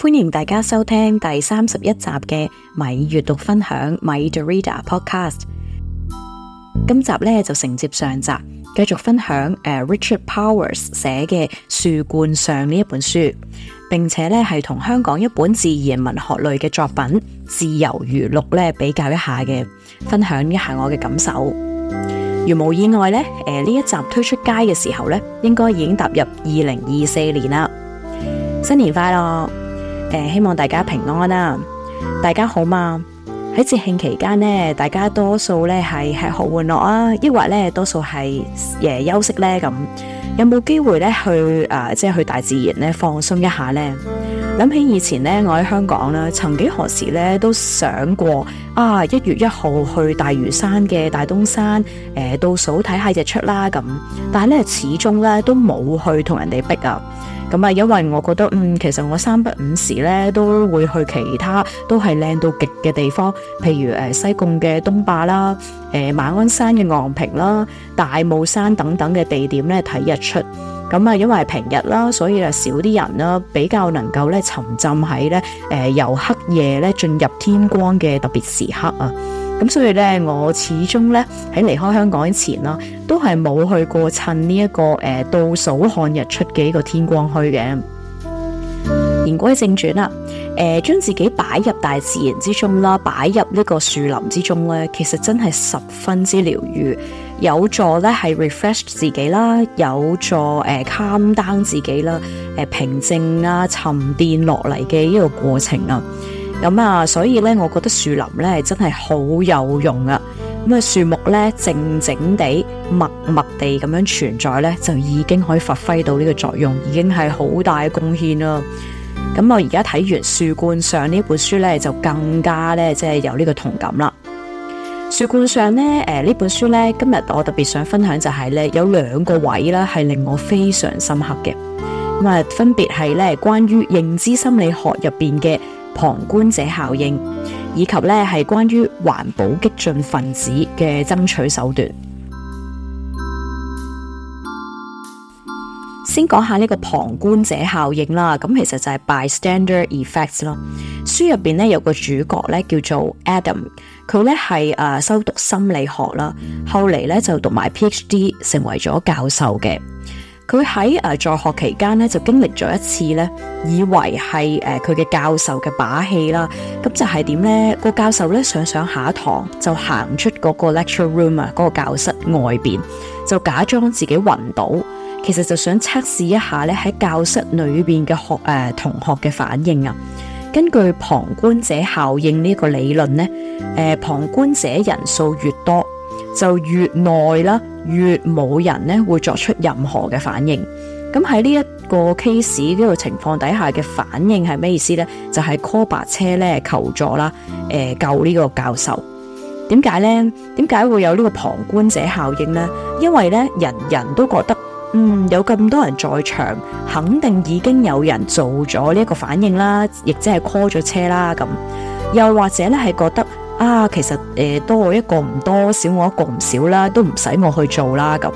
歡迎大家收聽第三十一集嘅米悅讀分享 Mic the Reader Podcast。今集咧就承接上集，繼續分享誒、uh, Richard Powers 寫嘅樹冠上呢一本書，並且咧係同香港一本自然文學類嘅作品自由如綠咧比較一下嘅分享一下我嘅感受。如無意外咧，誒呢一集推出街嘅時候咧，應該已經踏入二零二四年啦。新年快樂！誒、呃，希望大家平安啦、啊！大家好嘛？喺節慶期間呢，大家多數咧係吃喝玩樂啊，抑或咧多數係誒休息呢？咁，有冇機會咧去誒、呃、即係去大自然咧放鬆一下呢？諗起以前咧，我喺香港啦，曾幾何時咧，都想過啊一月一號去大嶼山嘅大東山，誒，倒數，睇下日出啦咁。但係咧，始終咧都冇去同人哋逼啊。咁啊，因為我覺得嗯，其實我三不五時咧都會去其他都係靚到極嘅地方，譬如誒西貢嘅東壩啦，誒馬鞍山嘅昂平啦，大帽山等等嘅地點咧睇日出。咁因為平日啦，所以啊少啲人啦，比較能夠沉浸喺咧、呃、由黑夜咧進入天光嘅特別時刻啊。咁所以咧，我始終咧喺離開香港前啦，都係冇去過趁呢、這、一個誒、呃、倒數看日出嘅一個天光墟嘅。言歸正傳啦，誒、呃，將自己擺入大自然之中啦，擺入呢個樹林之中咧，其實真係十分之療愈，有助咧係 refresh 自己啦，有助誒、呃、calm down 自己啦，誒、呃，平靜啊，沉澱落嚟嘅呢個過程啊，咁啊，所以咧，我覺得樹林咧真係好有用啊，咁啊，樹木咧靜靜地、默默地咁樣存在咧，就已經可以發揮到呢個作用，已經係好大嘅貢獻啦。咁我而家睇完《樹冠上》呢本書咧，就更加咧即係有呢個同感啦。書觀《樹冠上》咧，誒呢本書咧，今日我特別想分享就係咧有兩個位啦，係令我非常深刻嘅。咁啊，分別係咧關於認知心理學入邊嘅旁觀者效應，以及咧係關於環保激進分子嘅爭取手段。先講下呢個旁觀者效應啦，咁其實就係 bystander effects 咯。書入邊咧有個主角咧叫做 Adam，佢咧係誒修讀心理學啦，後嚟咧就讀埋 PhD，成為咗教授嘅。佢喺誒在學期間咧就經歷咗一次咧，以為係誒佢嘅教授嘅把戲啦。咁就係點咧？個教授咧上上下堂就行出嗰個 lecture room 啊，嗰個教室外邊就假裝自己暈倒。其實就想測試一下咧，喺教室裏邊嘅學誒、呃、同學嘅反應啊。根據旁觀者效應呢一個理論咧，誒、呃、旁觀者人數越多，就越耐啦，越冇人咧會作出任何嘅反應。咁喺呢一個 case 呢個情況底下嘅反應係咩意思咧？就係、是、call 白車咧求助啦，誒、呃、救呢個教授。點解咧？點解會有呢個旁觀者效應咧？因為咧人人都覺得。嗯，有咁多人在場，肯定已經有人做咗呢一個反應啦，亦即係 call 咗車啦咁，又或者咧係覺得啊，其實誒、呃、多我一個唔多，少我一個唔少啦，都唔使我去做啦咁。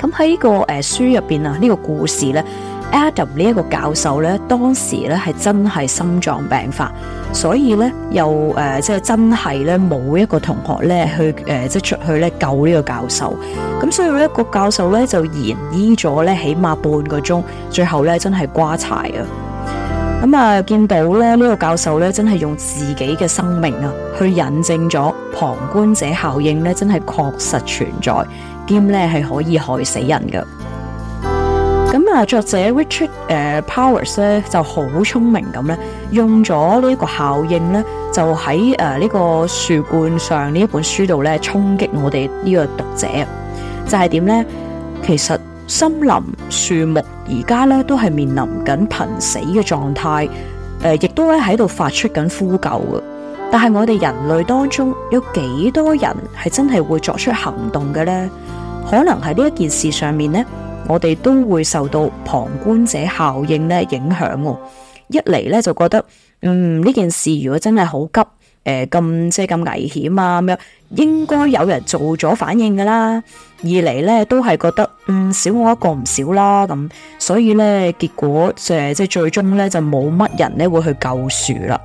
咁喺、呢個誒、呃、書入邊啊呢個故事咧。Adam 呢一個教授呢，當時呢係真係心臟病發，所以呢又誒、呃、即係真係呢冇一個同學呢去誒、呃、即出去呢救呢個教授，咁所以呢一，呢個教授呢就延醫咗呢起碼半個鐘，最後咧真係瓜柴啊！咁啊見到咧呢，呢個教授呢真係用自己嘅生命啊去引證咗旁觀者效應呢真係確實存在，兼呢係可以害死人㗎。作者 Richard、uh, Powers 咧就好聰明咁咧，用咗呢一個效應咧，就喺誒呢個樹冠上呢一本書度咧衝擊我哋呢個讀者。就係、是、點咧？其實森林樹木而家咧都係面臨緊瀕死嘅狀態，誒、呃，亦都咧喺度發出緊呼救嘅。但係我哋人類當中有幾多人係真係會作出行動嘅咧？可能喺呢一件事上面咧？我哋都會受到旁觀者效應咧影響，哦，一嚟咧就覺得，嗯，呢件事如果真係好急，誒咁即係咁危險啊咁樣，應該有人做咗反應噶啦。二嚟咧都係覺得，嗯，少我一個唔少啦咁，所以咧結果、呃、即係最終咧就冇乜人咧會去救樹啦。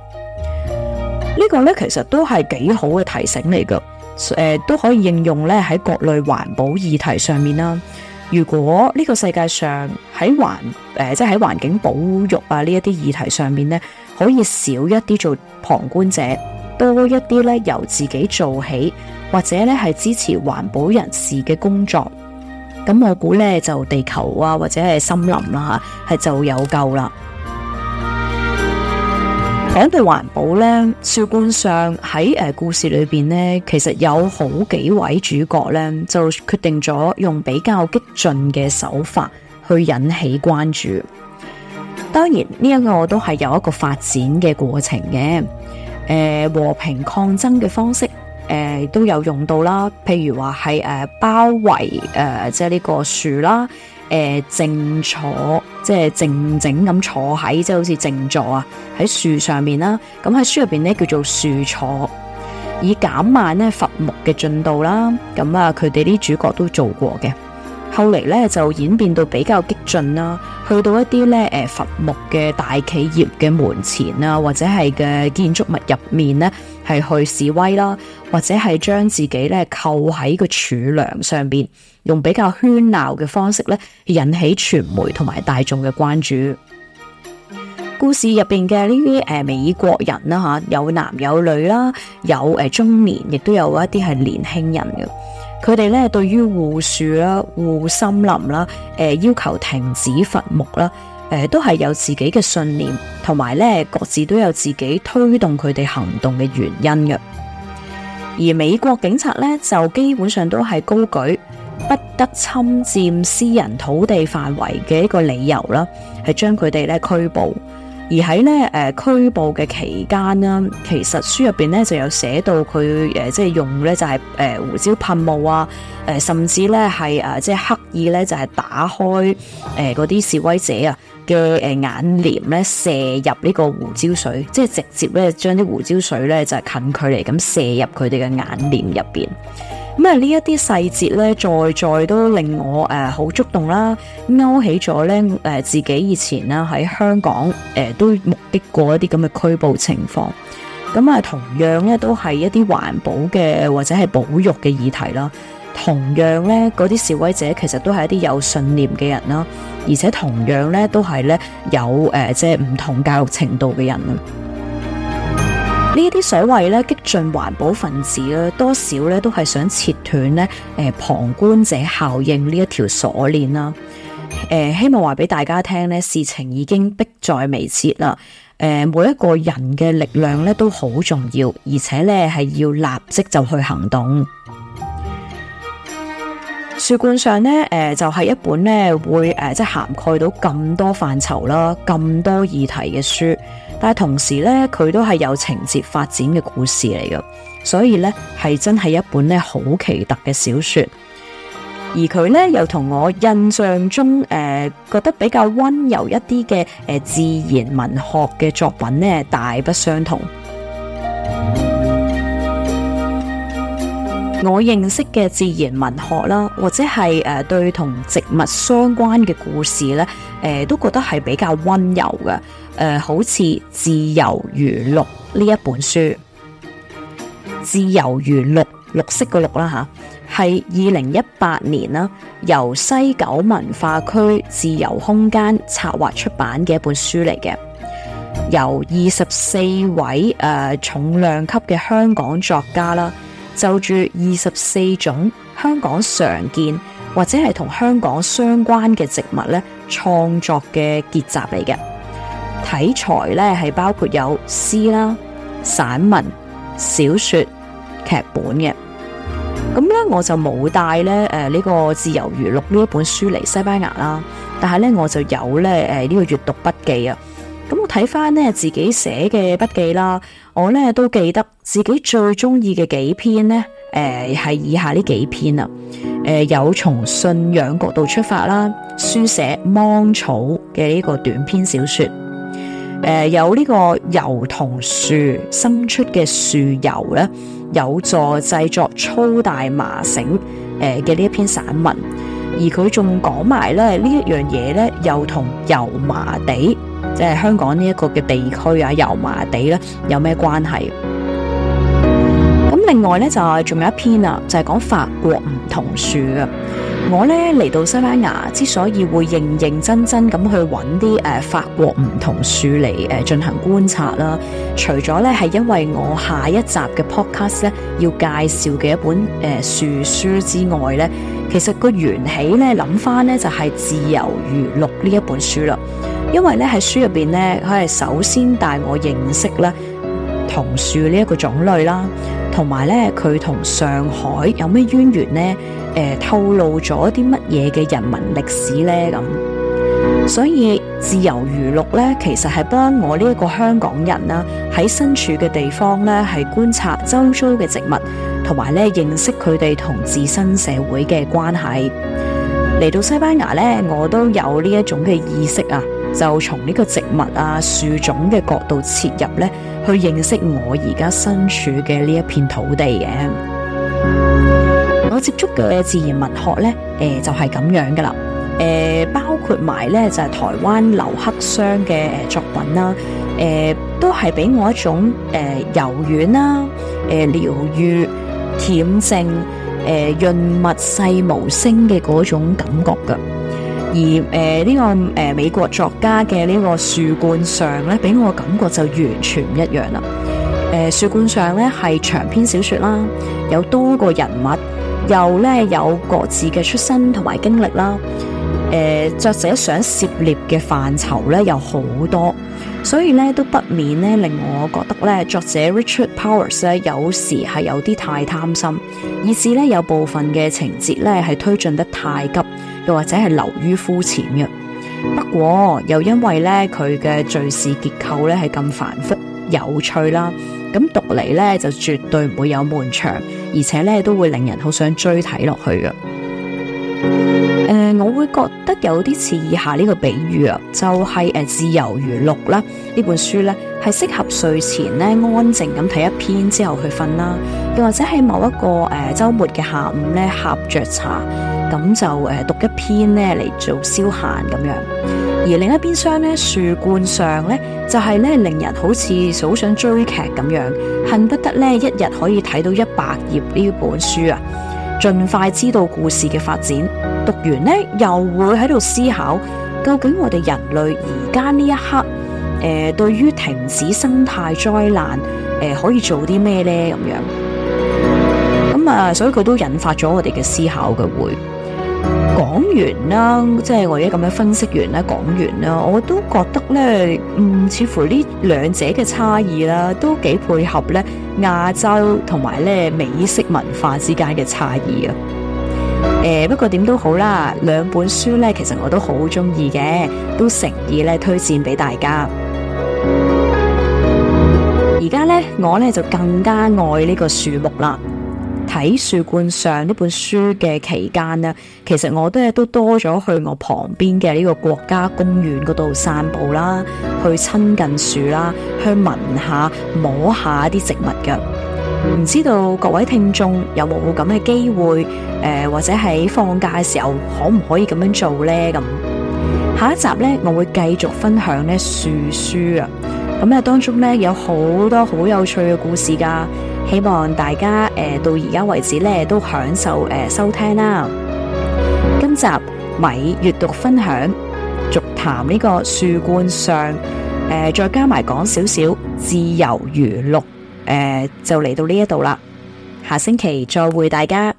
這個、呢個咧其實都係幾好嘅提醒嚟噶，誒、呃、都可以應用咧喺各類環保議題上面啦。如果呢個世界上喺環誒，即係喺環境保育啊呢一啲議題上面呢，可以少一啲做旁觀者，多一啲咧由自己做起，或者咧係支持環保人士嘅工作，咁我估呢，就地球啊或者係森林啦，啊、吓，係就有救啦。講到環保咧，樹冠上喺誒、呃、故事裏邊呢，其實有好幾位主角咧就決定咗用比較激進嘅手法去引起關注。當然呢一、這個我都係有一個發展嘅過程嘅，誒、呃、和平抗爭嘅方式誒、呃、都有用到啦，譬如話係誒包圍誒、呃、即係呢個樹啦。誒，靜坐即係靜靜咁坐喺，即係好似靜坐啊，喺樹上面啦。咁喺書入邊咧叫做樹坐，以減慢咧伐木嘅進度啦。咁啊，佢哋啲主角都做過嘅。後嚟咧就演變到比較激進啦，去到一啲咧誒伐木嘅大企業嘅門前啊，或者係嘅建築物入面呢，係去示威啦，或者係將自己咧扣喺個柱梁上邊，用比較喧鬧嘅方式咧引起傳媒同埋大眾嘅關注。故事入邊嘅呢啲誒美國人啦、啊、吓，有男有女啦、啊，有誒、呃、中年，亦都有一啲係年輕人嘅。佢哋咧，對於護樹啦、護森林啦、誒要求停止伐木啦，誒都係有自己嘅信念，同埋咧各自都有自己推動佢哋行動嘅原因嘅。而美國警察咧，就基本上都係高舉不得侵占私人土地範圍嘅一個理由啦，係將佢哋咧拘捕。而喺咧誒拘捕嘅期間啦，其實書入面咧就有寫到佢、呃、即係用咧就係、係、誒、呃、胡椒噴霧啊，呃、甚至咧係、呃、即係刻意咧就係打開誒嗰啲示威者啊嘅誒眼簾咧，射入呢個胡椒水，即係直接咧將啲胡椒水咧就係近距離咁射入佢哋嘅眼簾入邊。咁啊，呢一啲細節咧，在在都令我誒好觸動啦，勾起咗咧誒自己以前啦喺香港誒都目擊過一啲咁嘅拘捕情況。咁啊，同樣咧都係一啲環保嘅或者係保育嘅議題啦。同樣咧，嗰啲示威者其實都係一啲有信念嘅人啦，而且同樣咧都係咧有誒、呃，即係唔同教育程度嘅人。呢啲所謂呢激進環保分子啊，多少咧都係想切斷咧誒旁觀者效應呢一條鎖鏈啦。誒、呃，希望話俾大家聽呢，事情已經迫在眉睫啦。誒、呃，每一個人嘅力量咧都好重要，而且咧係要立即就去行動。樹冠上咧，誒，就係、是、一本咧會誒，即係涵蓋到咁多範疇啦，咁多議題嘅書，但係同時咧，佢都係有情節發展嘅故事嚟嘅，所以咧係真係一本咧好奇特嘅小說，而佢咧又同我印象中誒、呃、覺得比較温柔一啲嘅誒自然文學嘅作品咧大不相同。我認識嘅自然文學啦，或者係誒對同植物相關嘅故事呢，誒、呃、都覺得係比較溫柔嘅。誒、呃，好似《自由如綠》呢一本書，《自由如綠》綠色個綠啦吓，係二零一八年啦，由西九文化區自由空間策劃出版嘅一本書嚟嘅，由二十四位誒、呃、重量級嘅香港作家啦。就住二十四種香港常見或者係同香港相關嘅植物咧創作嘅結集嚟嘅，題材咧係包括有詩啦、散文、小說、劇本嘅。咁樣我就冇帶咧誒呢、呃這個自由如綠呢一本書嚟西班牙啦，但係咧我就有咧誒呢、呃這個閱讀筆記啊。都睇翻咧自己寫嘅筆記啦，我咧都記得自己最中意嘅幾篇咧，誒、呃、係以下呢幾篇啦，誒、呃、有從信仰角度出發啦，書寫芒草嘅呢個短篇小說，誒、呃、有呢個油桐樹生出嘅樹油咧，有助製作粗大麻繩，誒嘅呢一篇散文，而佢仲講埋咧呢一樣嘢咧，又同油麻地。即係香港呢一個嘅地區啊，油麻地咧，有咩關係？另外咧就係仲有一篇啊，就係、是、講法國梧桐樹嘅。我咧嚟到西班牙之所以會認認真真咁去揾啲誒法國梧桐樹嚟誒進行觀察啦，除咗咧係因為我下一集嘅 podcast 咧要介紹嘅一本誒樹書之外咧，其實個緣起咧諗翻咧就係自由如綠呢一本書啦，因為咧喺書入邊咧佢係首先帶我認識啦。桐樹呢一個種類啦，同埋咧佢同上海有咩淵源呢？誒，透露咗啲乜嘢嘅人文歷史呢？咁，所以自由如綠咧，其實係幫我呢一個香港人啦，喺身處嘅地方咧，係觀察周遭嘅植物，同埋咧認識佢哋同自身社會嘅關係。嚟到西班牙咧，我都有呢一種嘅意識啊。就從呢個植物啊、樹種嘅角度切入咧，去認識我而家身處嘅呢一片土地嘅。我接觸嘅自然文學咧，誒、呃、就係、是、咁樣噶啦，誒、呃、包括埋咧就係、是、台灣劉克襄嘅誒作品啦、啊，誒、呃、都係俾我一種誒、呃、柔軟啦、啊，誒療愈恬靜，誒潤、呃、物細無聲嘅嗰種感覺噶。而誒呢、呃這個、呃、美國作家嘅呢個樹冠上咧，俾我感覺就完全唔一樣啦。誒、呃、樹冠上咧係長篇小説啦，有多個人物，又咧有各自嘅出身同埋經歷啦、呃。作者想涉獵嘅範疇咧有好多，所以咧都不免咧令我覺得咧作者 Richard Powers 咧有時係有啲太貪心，以至咧有部分嘅情節咧係推進得太急。又或者係流於膚淺嘅，不過又因為咧佢嘅敘事結構咧係咁繁複有趣啦，咁讀嚟咧就絕對唔會有悶場，而且咧都會令人好想追睇落去嘅。誒、呃，我會覺得有啲似以下呢個比喻啊，就係、是、誒、呃、自由如綠啦，呢本書咧係適合睡前咧安靜咁睇一篇之後去瞓啦，又或者喺某一個誒周、呃、末嘅下午咧，呷着茶。咁就誒讀一篇呢嚟做消閒咁樣，而另一邊廂呢，樹冠上呢，就係、是、咧令人好似好想追劇咁樣，恨不得咧一日可以睇到一百頁呢本書啊，盡快知道故事嘅發展。讀完呢，又會喺度思考，究竟我哋人類而家呢一刻誒、呃、對於停止生態災難誒、呃、可以做啲咩呢？咁樣？咁啊，所以佢都引發咗我哋嘅思考嘅會。講完啦，即係我而家咁樣分析完啦，講完啦，我都覺得咧，嗯，似乎呢兩者嘅差異啦，都幾配合咧亞洲同埋咧美式文化之間嘅差異啊。誒、呃，不過點都好啦，兩本書咧，其實我都好中意嘅，都誠意咧推薦俾大家。而家咧，我咧就更加愛呢個樹木啦。睇樹冠上呢本書嘅期間呢，其實我咧都多咗去我旁邊嘅呢個國家公園嗰度散步啦，去親近樹啦，去聞下、摸一下啲植物嘅。唔知道各位聽眾有冇咁嘅機會？誒、呃，或者喺放假嘅時候可唔可以咁樣做呢？咁下一集呢，我會繼續分享呢樹書啊。樹樹咁啊，當中呢，有好多好有趣嘅故事噶，希望大家誒、呃、到而家為止呢，都享受誒、呃、收聽啦。今集米閱讀分享，續談呢個樹冠上誒、呃，再加埋講少少自由如綠誒，就嚟到呢一度啦。下星期再會大家。